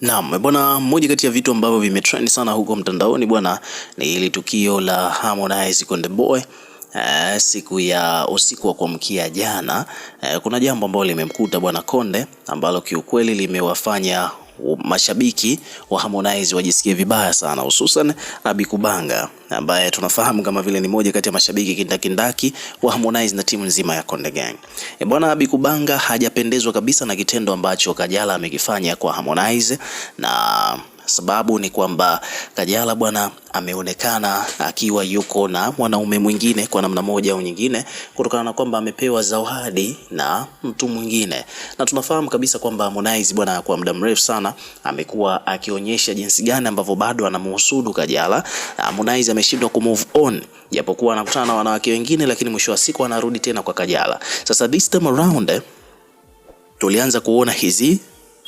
Naam, bwana, moja kati ya vitu ambavyo vimetrend sana huko mtandaoni bwana ni ile tukio la Harmonize Konde Boy eh, siku ya usiku wa kuamkia jana eh, kuna jambo ambalo limemkuta bwana Konde ambalo kiukweli limewafanya mashabiki wa Harmonize wajisikie vibaya sana, hususan Abi Kubanga ambaye tunafahamu kama vile ni moja kati ya mashabiki kindakindaki wa Harmonize na timu nzima ya Konde Gang. E, bwana Abi Kubanga hajapendezwa kabisa na kitendo ambacho Kajala amekifanya kwa Harmonize na Sababu ni kwamba Kajala bwana ameonekana akiwa yuko na mwanaume mwingine kwa namna moja au nyingine, kutokana na kwamba amepewa zawadi na mtu mwingine, na tunafahamu kabisa kwamba Harmonize bwana, kwa muda mrefu sana amekuwa akionyesha jinsi gani ambavyo bado anamhusudu Kajala. Harmonize ameshindwa ku move on, japokuwa anakutana na wanawake wengine, lakini mwisho wa siku anarudi tena kwa Kajala. Sasa this time around eh, tulianza kuona hizi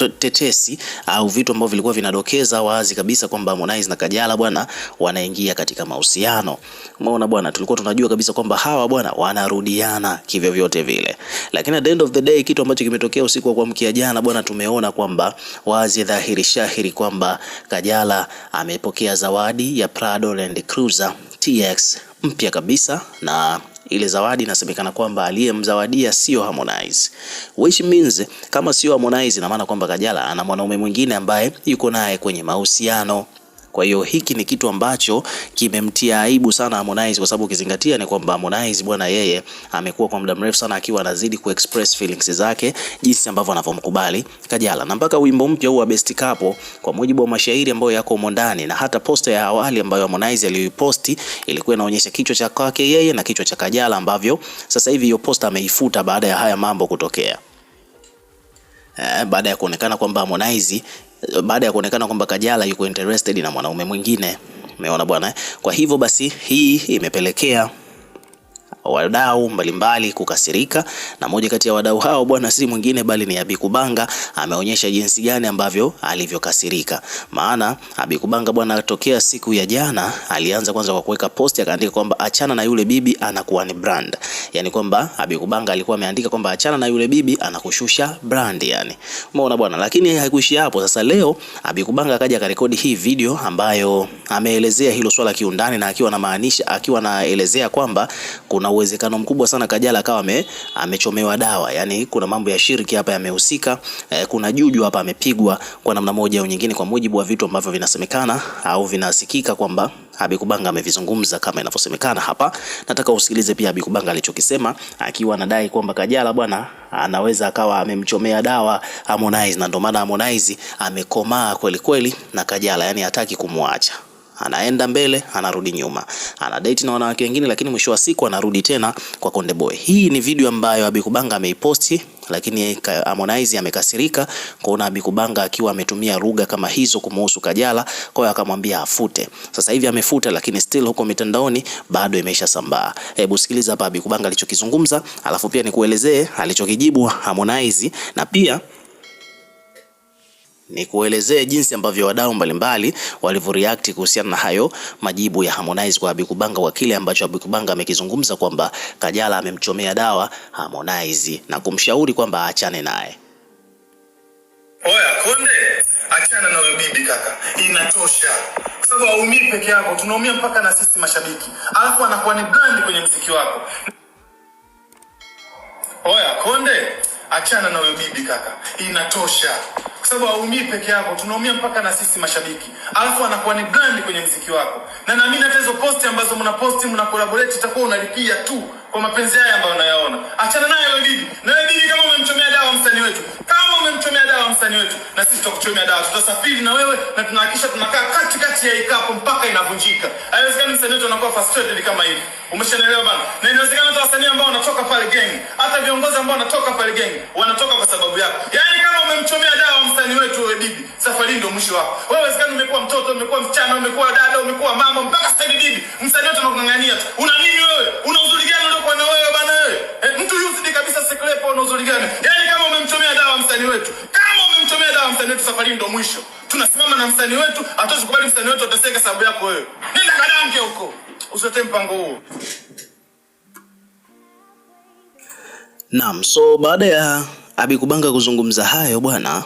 tetesi au vitu ambavyo vilikuwa vinadokeza wazi kabisa kwamba Harmonize na Kajala bwana wanaingia katika mahusiano. Umeona bwana, tulikuwa tunajua kabisa kwamba hawa bwana wanarudiana kivyo vyote vile, lakini at the end of the day kitu ambacho kimetokea usiku wa kuamkia jana bwana, tumeona kwamba wazi dhahiri shahiri kwamba Kajala amepokea zawadi ya Prado Land Cruiser TX mpya kabisa na ile zawadi inasemekana kwamba aliyemzawadia sio Harmonize, which means kama sio Harmonize, ina maana kwamba Kajala ana mwanaume mwingine ambaye yuko naye kwenye mahusiano. Kwa hiyo hiki ni kitu ambacho kimemtia aibu sana Harmonize, kwa sababu ukizingatia ni kwamba Harmonize bwana, yeye amekuwa kwa muda mrefu sana akiwa anazidi kuexpress feelings zake jinsi ambavyo anavyomkubali Kajala, na mpaka wimbo mpya huu wa Best Couple, kwa mujibu wa mashairi ambayo yako humo ndani na hata posta ya awali ambayo Harmonize aliyoiposti ilikuwa inaonyesha kichwa cha kwake yeye na kichwa cha Kajala, ambavyo sasa hivi hiyo posta ameifuta baada ya haya mambo kutokea eh, baada ya kuonekana kwamba Harmonize eh, baada ya kuonekana kwamba Kajala yuko interested na mwanaume mwingine. Umeona bwana, eh? kwa hivyo basi hii imepelekea wadau mbalimbali kukasirika, na moja kati ya wadau hao bwana si mwingine bali ni Abikubanga. Ameonyesha jinsi gani ambavyo alivyokasirika, maana Abikubanga bwana, tokea siku ya jana alianza kwanza kwa kuweka post akaandika kwamba achana na yule bibi anakuwa ni brand, yani kwamba Abikubanga alikuwa ameandika kwamba achana na yule bibi anakushusha brand, yani umeona bwana. Lakini haikuishi hapo. Sasa leo Abikubanga akaja akarekodi hii video ambayo ameelezea hilo swala kiundani, na akiwa na maanisha akiwa anaelezea kwamba kuna uwezekano mkubwa sana Kajala akawa amechomewa dawa, yani kuna mambo ya shiriki hapa yamehusika. Eh, kuna juju hapa amepigwa kwa namna moja au nyingine, kwa mujibu wa vitu ambavyo vinasemekana au vinasikika kwamba Abikubanga amevizungumza kama inavyosemekana hapa. Nataka usikilize pia Abikubanga alichokisema, akiwa anadai kwamba Kajala bwana anaweza akawa amemchomea dawa Harmonize, na ndio maana Harmonize amekomaa kweli kweli na Kajala, yani hataki kumwacha anaenda mbele, anarudi nyuma, ana date na wanawake wengine, lakini mwisho wa siku anarudi tena kwa Konde Boy. Hii ni video ambayo Abikubanga ameiposti, lakini Harmonize amekasirika kuona Abikubanga akiwa ametumia lugha kama hizo kumuhusu Kajala, kwa hiyo akamwambia afute. Sasa hivi amefuta, lakini still huko mitandaoni bado imesha sambaa. Hebu sikiliza hapa Abikubanga alichokizungumza, alafu pia nikuelezee alichokijibu Harmonize na pia ni kuelezee jinsi ambavyo wadau mbalimbali walivyoreact kuhusiana na hayo majibu ya Harmonize kwa Abikubanga, kwa kile ambacho Abikubanga amekizungumza kwamba Kajala amemchomea dawa Harmonize na kumshauri kwamba aachane naye. Oya Konde, achana na huyo bibi kaka, inatosha. Kwa sababu haumii peke yako, tunaumia mpaka na sisi mashabiki, alafu anakuwa ni brand kwenye mziki wako. Oya Konde Achana na huyo bibi kaka, inatosha, kwa sababu haumii peke yako, tunaumia mpaka na sisi mashabiki, alafu anakuwa ni brandi kwenye mziki wako. Na naamini hata hizo posti ambazo posti mna collaborate, itakuwa unalipia tu kwa mapenzi haya ambayo unayaona. Achana naye huyo bibi, na huyo bibi kama umemchomea dawa msanii wetu, kama umemchomea kama msanii wetu, na sisi tutakuchomea dawa. Tutasafiri na wewe na tunahakikisha tunakaa kati kati ya ikapo mpaka inavunjika. Haiwezekani msanii wetu anakuwa frustrated kama hivi, umeshanielewa bana? Na inawezekana hata wasanii ambao wanatoka pale gang, hata viongozi ambao wanatoka pale gang wanatoka kwa sababu yako, Yani kama umemchomea dawa msanii wetu, wewe bibi, safari ndio mwisho wako wewe. Haiwezekani umekuwa mtoto, umekuwa mchana, umekuwa dada, umekuwa mama, mpaka sasa bibi, msanii wetu anakung'ang'ania tu una msanii wetu, hatuwezi kubali msanii wetu ataseka sababu yako wewe. Nenda kadanke huko, usitoe mpango huo. Naam, so baada ya Abi Kubanga kuzungumza hayo bwana,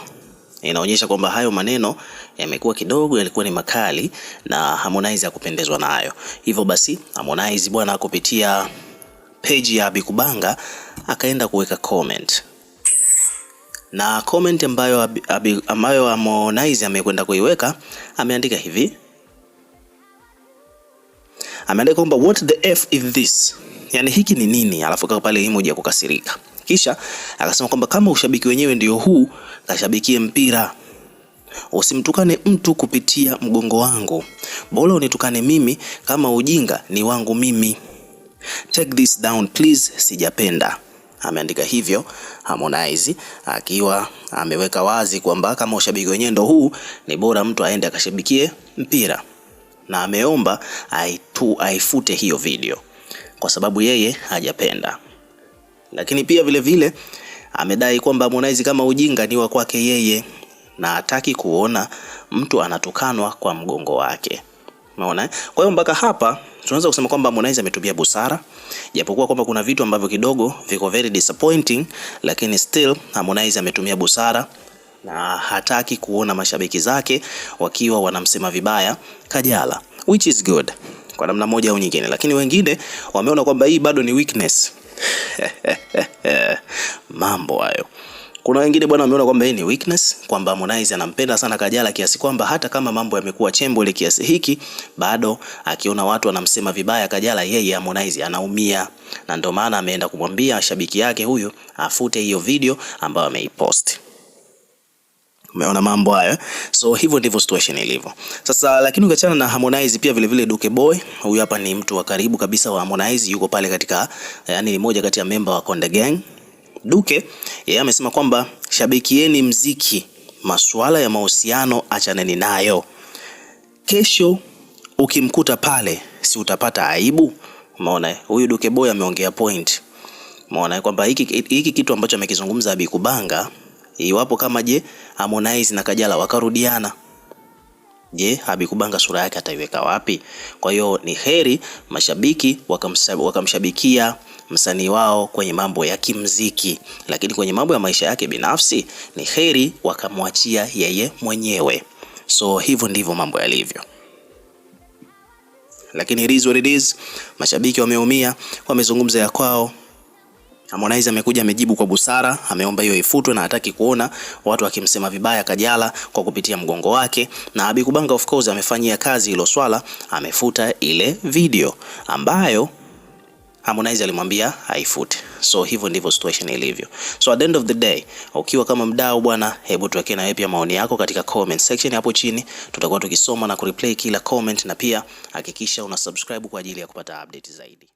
inaonyesha kwamba hayo maneno yamekuwa kidogo yalikuwa ni makali na Harmonize hakupendezwa nayo. Hivyo basi Harmonize bwana, kupitia page ya Abi Kubanga akaenda kuweka comment na comment ambayo, ambayo Harmonize amekwenda kuiweka ameandika hivi, ameandika kwamba what the f is this, yani hiki ni nini? Alafu kaka pale emoji ya kukasirika, kisha akasema kwamba kama ushabiki wenyewe ndio huu, kashabikie mpira Usimtukane mtu kupitia mgongo wangu, bora unitukane mimi. Kama ujinga ni wangu mimi. Take this down please, sijapenda. Ameandika hivyo Harmonize akiwa ameweka wazi kwamba kama ushabiki wenyewe ndo huu, ni bora mtu aende akashabikie mpira, na ameomba aitu aifute hiyo video kwa sababu yeye hajapenda. Lakini pia vile vile amedai kwamba Harmonize kama ujinga ni wa kwake yeye na hataki kuona mtu anatukanwa kwa mgongo wake. Umeona eh? Kwa hiyo mpaka hapa tunaweza kusema kwamba Harmonize ametumia busara, japokuwa kwamba kuna vitu ambavyo kidogo viko very disappointing, lakini still Harmonize ametumia busara na hataki kuona mashabiki zake wakiwa wanamsema vibaya Kajala, which is good kwa namna moja au nyingine, lakini wengine wameona kwamba hii bado ni weakness. Mambo hayo. Kuna wengine bwana wameona kwamba hii ni weakness, kwamba Harmonize anampenda sana Kajala kiasi kwamba hata kama mambo yamekuwa chembo ile kiasi hiki, bado akiona watu wanamsema vibaya Kajala, yeye Harmonize anaumia, na ndio maana ameenda kumwambia shabiki yake huyo afute hiyo video ambayo ameipost. Umeona mambo hayo, eh? so hivyo ndivyo situation ilivyo sasa. Lakini ukiachana na Harmonize, pia vile vile Duke Boy, huyu hapa ni mtu wa karibu kabisa wa Harmonize, yuko pale katika, eh, yani ni moja kati ya memba wa Konde Gang. Duke yeye amesema kwamba shabikieni mziki, masuala ya mahusiano achaneni nayo. Kesho ukimkuta pale, si utapata aibu? Umeona, huyu Duke Boy ameongea point. Umeona kwamba hiki, hiki kitu ambacho amekizungumza Abikubanga, iwapo kama je Harmonize na Kajala wakarudiana Je, Habikubanga sura yake ataiweka wapi? Kwa hiyo ni heri mashabiki wakamshabikia msanii wao kwenye mambo ya kimziki, lakini kwenye mambo ya maisha yake binafsi ni heri wakamwachia yeye mwenyewe. So hivyo ndivyo mambo yalivyo, lakini it is what it is. Mashabiki wameumia, wamezungumza ya kwao. Harmonize amekuja amejibu kwa busara, ameomba hiyo ifutwe na hataki kuona watu akimsema vibaya Kajala kwa kupitia mgongo wake, na Abikubanga of course amefanyia kazi hilo swala, amefuta ile video ambayo Harmonize alimwambia haifute. So hivyo ndivyo situation ilivyo. So at the end of the day, ukiwa kama mdau bwana, hebu tuweke na wewe pia maoni yako katika comment section hapo chini. Tutakuwa tukisoma na kureplay kila comment, na pia hakikisha una subscribe kwa ajili ya kupata update zaidi.